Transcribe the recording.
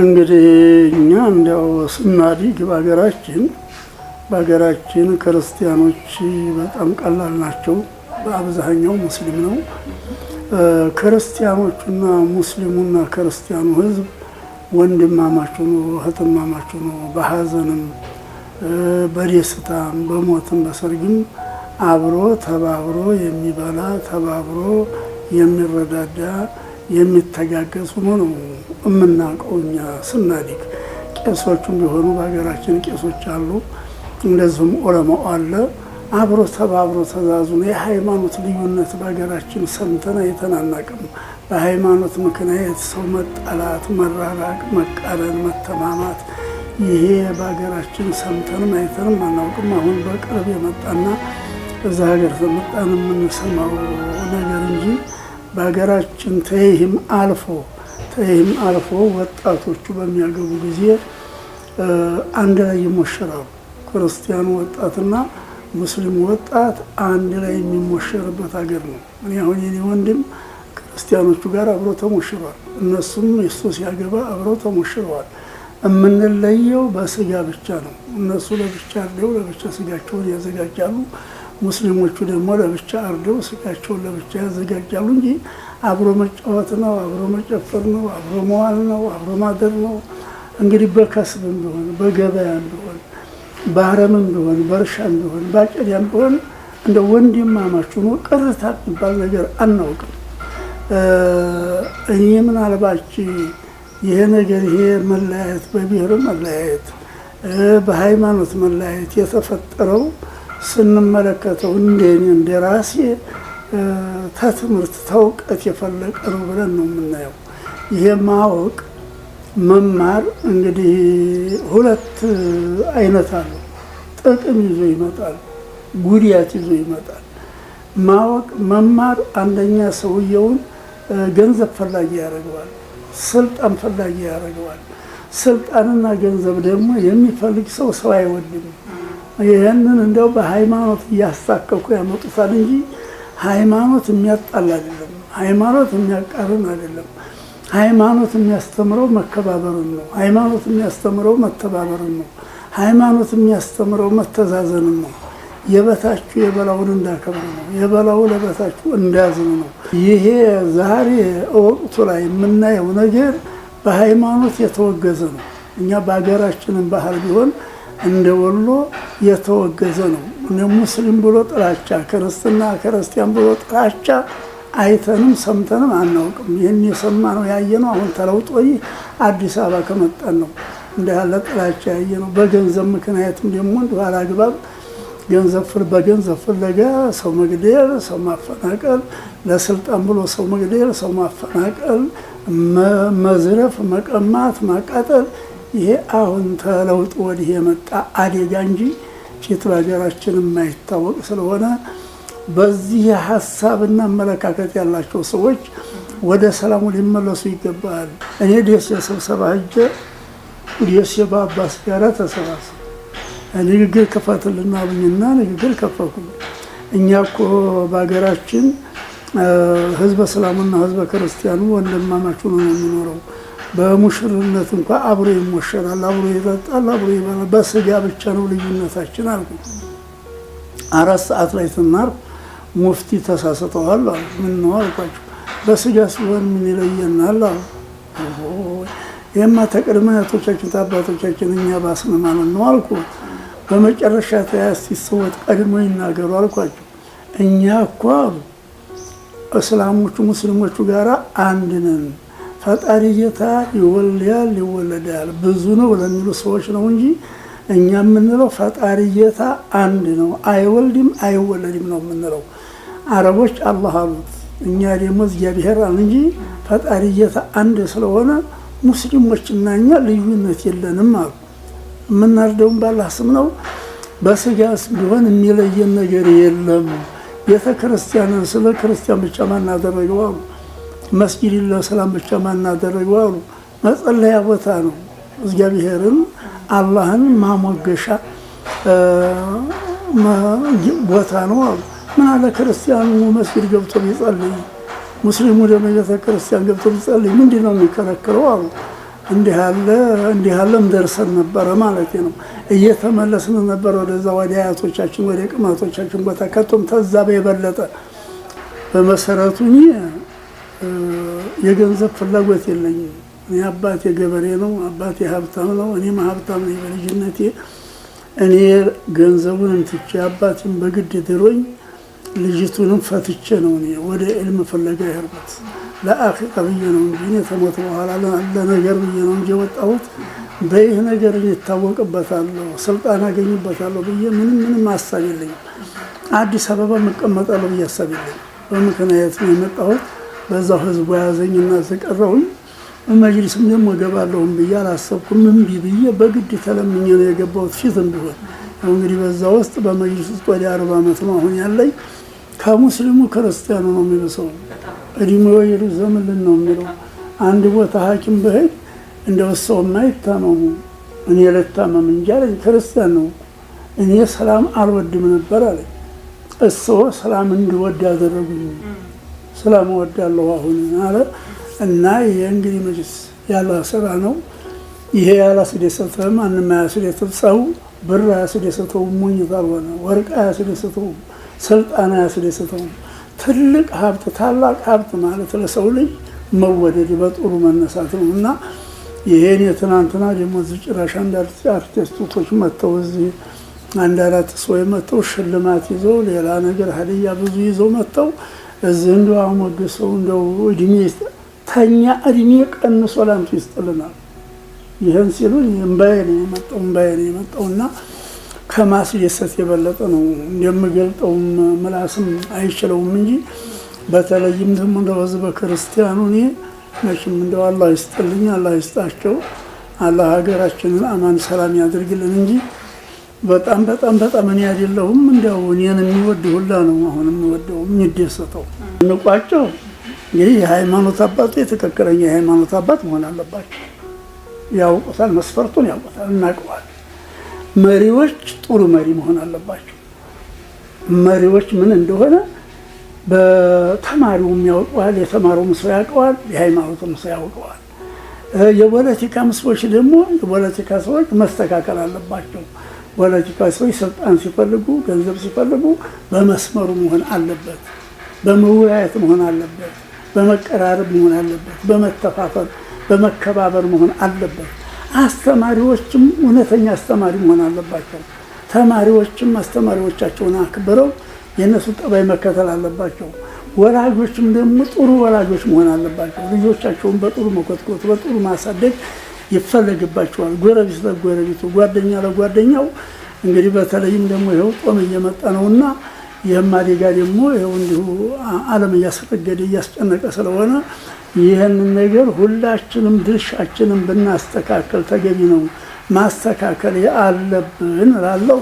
እንግዲህ እኛ እንዲያው ስናድግ በሀገራችን በሀገራችን ክርስቲያኖች በጣም ቀላል ናቸው። በአብዛኛው ሙስሊም ነው። ክርስቲያኖቹና ሙስሊሙና ክርስቲያኑ ህዝብ ወንድማማቸው ነው፣ እህትማማቸው ነው። በሀዘንም በደስታም በሞትም በሰርግም አብሮ ተባብሮ የሚበላ ተባብሮ የሚረዳዳ የሚተጋገዙ ነው የምናውቀው እኛ ስናዲግ ቄሶቹም ቢሆኑ በሀገራችን ቄሶች አሉ፣ እንደዚሁም ኦለማው አለ። አብሮ ተባብሮ ተዛዙ ነው። የሃይማኖት ልዩነት በሀገራችን ሰምተን የተናናቅም በሃይማኖት ምክንያት ሰው መጠላት፣ መራራቅ፣ መቃረን፣ መተማማት ይሄ በሀገራችን ሰምተንም አይተንም አናውቅም። አሁን በቅርብ የመጣና እዛ ሀገር ተመጣን የምንሰማው ነገር እንጂ በሀገራችን ተይህም አልፎ ተይህም አልፎ ወጣቶቹ በሚያገቡ ጊዜ አንድ ላይ ይሞሸራሉ። ክርስቲያኑ ወጣትና ሙስሊሙ ወጣት አንድ ላይ የሚሞሸርበት ሀገር ነው። እኔ አሁን የኔ ወንድም ክርስቲያኖቹ ጋር አብሮ ተሞሽሯል። እነሱም የሱ ሲያገባ አብረው ተሞሽረዋል። የምንለየው በስጋ ብቻ ነው። እነሱ ለብቻ አርደው ለብቻ ስጋቸውን ያዘጋጃሉ። ሙስሊሞቹ ደግሞ ለብቻ አርደው ስጋቸውን ለብቻ ያዘጋጃሉ እንጂ አብሮ መጫወት ነው፣ አብሮ መጨፈር ነው፣ አብሮ መዋል ነው፣ አብሮ ማደር ነው። እንግዲህ በከስብም ቢሆን በገበያም ቢሆን በአረምም ቢሆን በእርሻም ቢሆን በአጨዳም ቢሆን እንደ ወንድማማች ሆኖ ቅርታ የሚባል ነገር አናውቅም። እኔ ምናልባች ይሄ ነገር ይሄ መለያየት፣ በብሔር መለያየት፣ በሃይማኖት መለያየት የተፈጠረው ስንመለከተው እንደኔ እንደ ራሴ ተትምህርት ተውቀት የፈለቀ ነው ብለን ነው የምናየው። ይሄ ማወቅ መማር እንግዲህ ሁለት አይነት አለው። ጥቅም ይዞ ይመጣል፣ ጉዳት ይዞ ይመጣል። ማወቅ መማር አንደኛ ሰውየውን ገንዘብ ፈላጊ ያደርገዋል፣ ስልጣን ፈላጊ ያደርገዋል። ስልጣንና ገንዘብ ደግሞ የሚፈልግ ሰው ሰው አይወድም። ይህንን እንደው በሃይማኖት እያስታከኩ ያመጡታል እንጂ ሃይማኖት የሚያጣል አይደለም። ሃይማኖት የሚያቃርን አይደለም። ሃይማኖት የሚያስተምረው መከባበርን ነው። ሃይማኖት የሚያስተምረው መተባበርን ነው። ሃይማኖት የሚያስተምረው መተዛዘንን ነው። የበታችሁ የበላውን እንዳከብር ነው። የበላው ለበታችሁ እንዳያዝን ነው። ይሄ ዛሬ ወቅቱ ላይ የምናየው ነገር በሃይማኖት የተወገዘ ነው። እኛ በሀገራችንም ባህል ቢሆን እንደ ወሎ የተወገዘ ነው። ሙስሊም ብሎ ጥላቻ፣ ክርስትና ክርስቲያን ብሎ ጥላቻ አይተንም ሰምተንም አናውቅም። ይህን የሰማ ነው ያየ ነው። አሁን ተለውጦ ይህ አዲስ አበባ ከመጣን ነው እንደ ያለ ጥላቻ ያየ ነው። በገንዘብ ምክንያትም ደግሞ ባለ አግባብ ገንዘብ ፍል በገንዘብ ፍለገ ሰው መግደል፣ ሰው ማፈናቀል፣ ለስልጣን ብሎ ሰው መግደል፣ ሰው ማፈናቀል፣ መዝረፍ፣ መቀማት፣ ማቃጠል ይሄ አሁን ተለውጥ ወዲህ የመጣ አደጋ እንጂ ፊት በሀገራችን የማይታወቅ ስለሆነ በዚህ ሀሳብና አመለካከት ያላቸው ሰዎች ወደ ሰላሙ ሊመለሱ ይገባል። እኔ ደሴ ስብሰባ ሂጄ ደሴ በአባስ ጋር ተሰባሰብ ንግግር ክፈትልና ብኝና ንግግር ከፈኩ። እኛ እኮ በሀገራችን ህዝበ ሰላሙና ህዝበ ክርስቲያኑ ወንድማማች ነው የሚኖረው በሙሽርነት እንኳ አብሮ ይሞሸናል፣ አብሮ ይጠጣል፣ አብሮ ይበላል። በስጋ ብቻ ነው ልዩነታችን አልኩ። አራት ሰዓት ላይ ትናርፍ ሙፍቲ ተሳስተዋል አሉ። ምን ነው አልኳቸው። በስጋ ሲሆን ምን ይለየናል አሉ። ይህማ ተቅድመ አያቶቻችን አባቶቻችን እኛ ባስን ማለት ነው አልኩ። በመጨረሻ ተያስቲ ሰዎች ቀድሞ ይናገሩ አልኳቸው። እኛ እኮ አሉ እስላሞቹ ሙስሊሞቹ ጋር አንድ ነን ፈጣሪ ጌታ ይወልዳል ይወለዳል ብዙ ነው ለሚሉ ሰዎች ነው እንጂ እኛ የምንለው ፈጣሪ ጌታ አንድ ነው፣ አይወልድም አይወለድም ነው የምንለው። አረቦች አላህ አሉት፣ እኛ ደግሞ እግዚአብሔር አለ እንጂ ፈጣሪ ጌታ አንድ ስለሆነ ሙስሊሞችና እኛ ልዩነት የለንም አሉ። የምናርደውም ባላህ ስም ነው። በስጋስ ቢሆን የሚለየን ነገር የለም። ቤተ ክርስቲያንን ስለ ክርስቲያን ብቻ ማናደረገው አሉ መስጊድ ለሰላም ብቻ ማናደረገው አሉ። መጸለያ ቦታ ነው። እግዚአብሔርን አላህን ማሞገሻ ቦታ ነው አሉ። ምን አለ ክርስቲያኑ መስጊድ ገብቶ ቢጸልይ፣ ሙስሊሙ ደግሞ ቤተ ክርስቲያን ገብቶ ቢጸልይ ምንድን ነው የሚከለክለው አሉ። እንዲህ ያለም ደርሰን ነበረ ማለት ነው። እየተመለስን ነበረ ወደዛ ወደ አያቶቻችን ወደ ቅማቶቻችን ቦታ ከቶም ተዛ የበለጠ በመሰረቱ የገንዘብ ፍላጎት የለኝም። እኔ አባቴ ገበሬ ነው፣ አባቴ ሀብታም ነው፣ እኔም ሀብታም ነኝ በልጅነቴ። እኔ ገንዘቡን እንትቼ አባቴን በግድ ድሮኝ ልጅቱንም ፈትቼ ነው እኔ ወደ ዕልም ፍለጋ ያርበት ለአቂቃ ብዬ ነው እንጂ እኔ ተሞት በኋላ ለነገር ብዬ ነው እንጂ የወጣሁት በይህ ነገር ይታወቅበታለሁ፣ ስልጣን አገኝበታለሁ ብዬ ምንም ምንም ሀሳብ የለኝም። አዲስ አበባ መቀመጣለሁ ብዬ ሀሳብ የለኝም። በምክንያት ነው የመጣሁት። በዛው ህዝቡ ያዘኝና ተቀረሁኝ። በመጅሊስም ደግሞ እገባለሁም ብዬ አላሰብኩም። እምቢ ብዬ በግድ ተለምኜ ነው የገባሁት ፊትም ቢሆን እንግዲህ በዛ ውስጥ በመጅሊስ ውስጥ ወደ አርባ ዓመት ነው አሁን ያለኝ። ከሙስሊሙ ክርስቲያኑ ነው የሚብሰው። እድሜው ዘምልን ነው የሚለው። አንድ ቦታ ሐኪም ብሄድ እንደ ወሰው የማይታመሙ እኔ ልታመም እንጂ ክርስቲያን ነው እኔ ሰላም አልወድም ነበር አለኝ። እሰዎ ሰላም እንዲወድ ያደረጉኝ ሰላም እወዳለሁ አሁን አለ እና ይሄ እንግዲህ መቼስ ያለ ስራ ነው። ይሄ ያላስደሰተ ማንም አያስደሰት ሰው ብር አያስደሰተውም፣ ሞኝ ካልሆነ ወርቅ አያስደሰተውም፣ ስልጣን አያስደሰተውም። ትልቅ ሀብት ታላቅ ሀብት ማለት ለሰው ልጅ መወደድ በጥሩ መነሳት ነው እና ይሄን የትናንትና ደግሞ እዚህ ጭራሽ አንድ አርቲስቶች መጥተው እዚህ አንድ አራት ሰው መጥተው ሽልማት ይዘው ሌላ ነገር ሀዲያ ብዙ ይዘው መጥተው እዚህ እንደው አሞግሰው እንደው እድሜ ተኛ እድሜ ቀንሶ ላንቱ ይስጥልናል። ይህን ሲሉ እምባዬ ነው የመጣው እምባዬ ነው የመጣው እና ከማስደሰት የበለጠ ነው እንደምገልጠውም ምላስም አይችለውም እንጂ በተለይም ደግሞ እንደ ህዝበ ክርስቲያኑ እኔ መቼም እንደው አላህ ይስጥልኝ፣ አላህ ይስጣቸው፣ አላህ ሀገራችንን አማን ሰላም ያድርግልን እንጂ በጣም በጣም በጣም እኔ አይደለሁም እንዲያው እኔን የሚወድ ሁላ ነው አሁን የሚወደው የሚደሰተው። እንቋቸው እንግዲህ የሃይማኖት አባት የትክክለኛ የሃይማኖት አባት መሆን አለባቸው። ያውቁታል፣ መስፈርቱን ያውቁታል፣ እናውቀዋል። መሪዎች ጥሩ መሪ መሆን አለባቸው። መሪዎች ምን እንደሆነ በተማሪውም ያውቀዋል፣ የተማሪውም ሰው ያውቀዋል፣ የሃይማኖቱም ሰው ያውቀዋል። የፖለቲካም ሰዎች ደግሞ የፖለቲካ ሰዎች መስተካከል አለባቸው። ፖለቲካ ሰዎች ስልጣን ሲፈልጉ፣ ገንዘብ ሲፈልጉ በመስመሩ መሆን አለበት። በመወያየት መሆን አለበት። በመቀራረብ መሆን አለበት። በመተፋፈር በመከባበር መሆን አለበት። አስተማሪዎችም እውነተኛ አስተማሪ መሆን አለባቸው። ተማሪዎችም አስተማሪዎቻቸውን አክብረው የእነሱ ጠባይ መከተል አለባቸው። ወላጆችም ደግሞ ጥሩ ወላጆች መሆን አለባቸው። ልጆቻቸውን በጥሩ መኮትኮት፣ በጥሩ ማሳደግ ይፈለግባቸዋል። ጎረቤት ለጎረቤቱ፣ ጓደኛ ለጓደኛው። እንግዲህ በተለይም ደግሞ ይኸው ጦም እየመጣ ነውና ይህም አደጋ ደግሞ ይኸው እንዲሁ ዓለም እያስረገደ እያስጨነቀ ስለሆነ ይህንን ነገር ሁላችንም ድርሻችንን ብናስተካከል ተገቢ ነው። ማስተካከል አለብን እላለሁ።